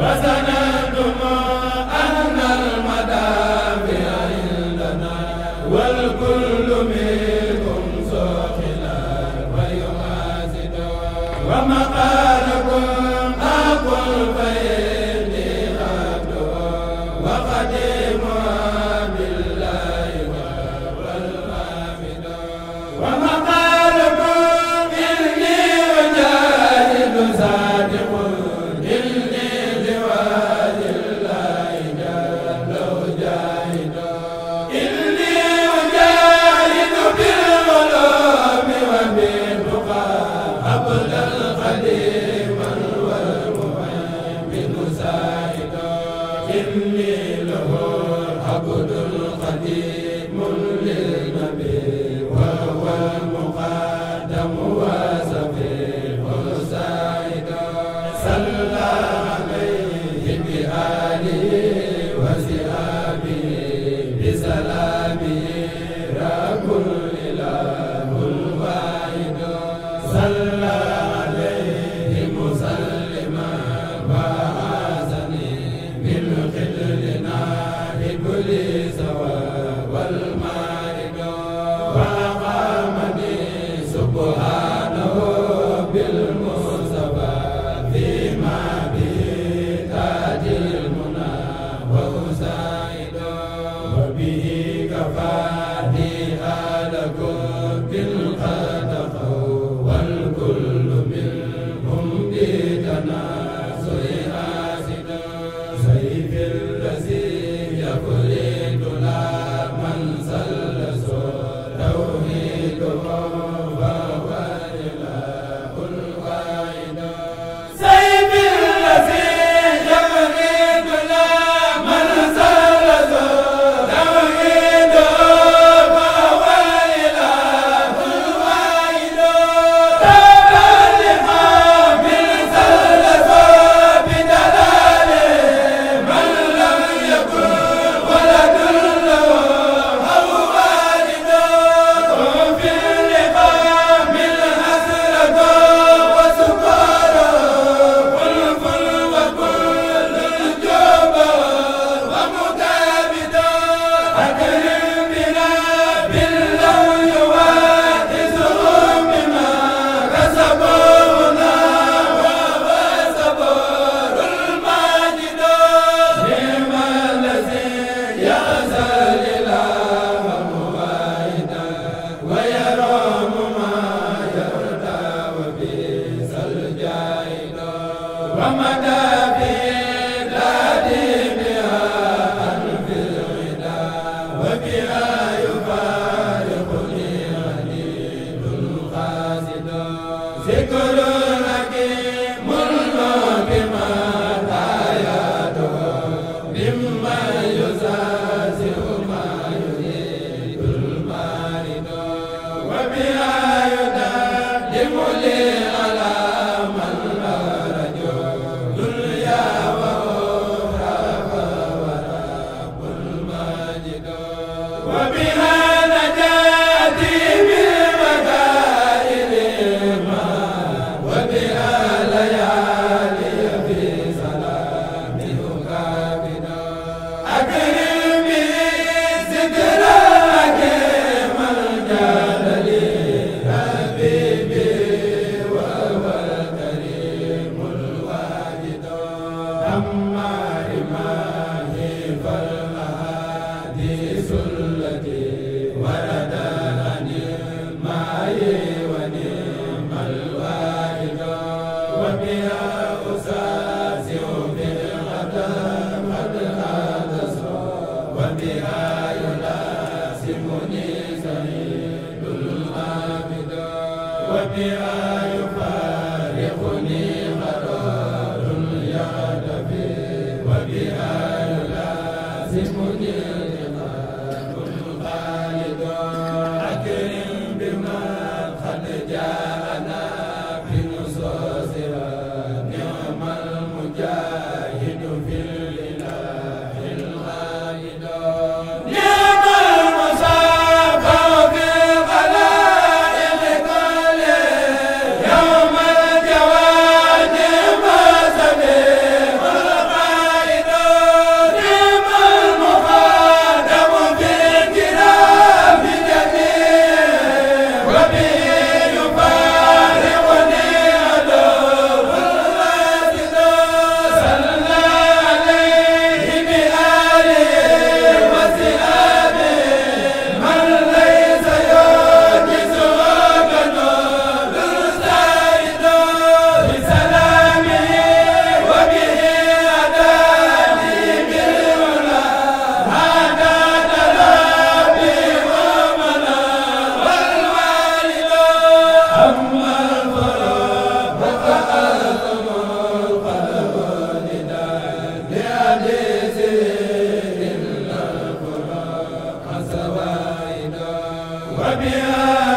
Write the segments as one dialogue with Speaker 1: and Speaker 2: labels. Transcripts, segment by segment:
Speaker 1: waaw moo wa bi Amiin wa biha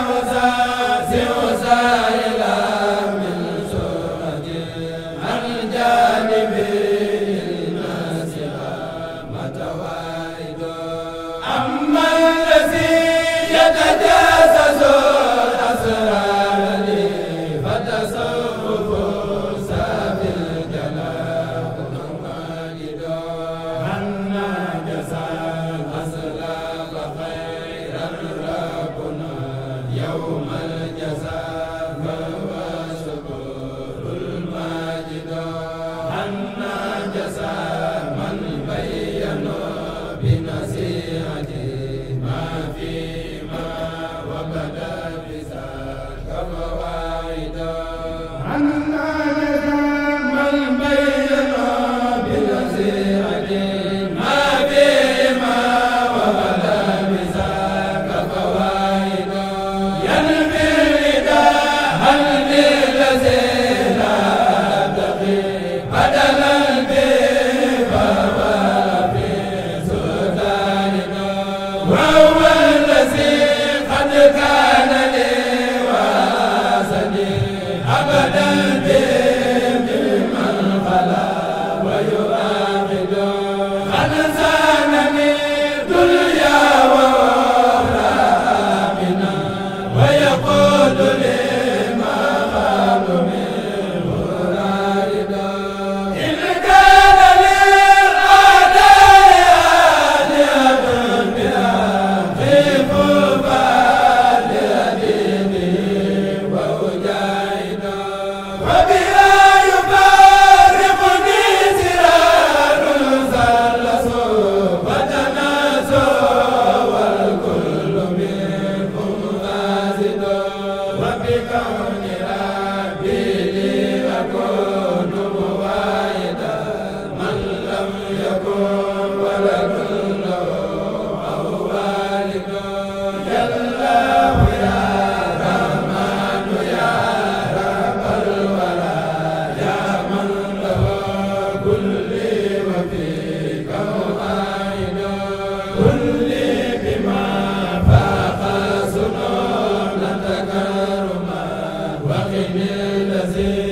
Speaker 1: الذي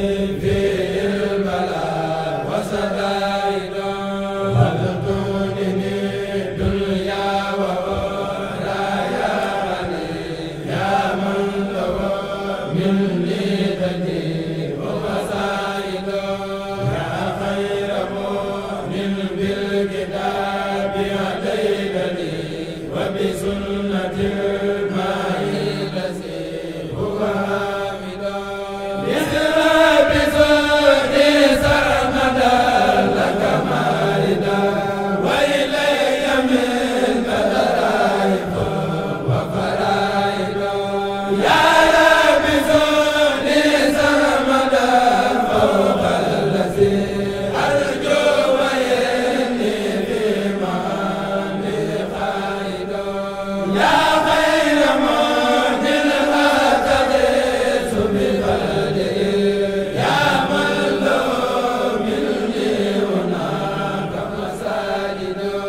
Speaker 1: لا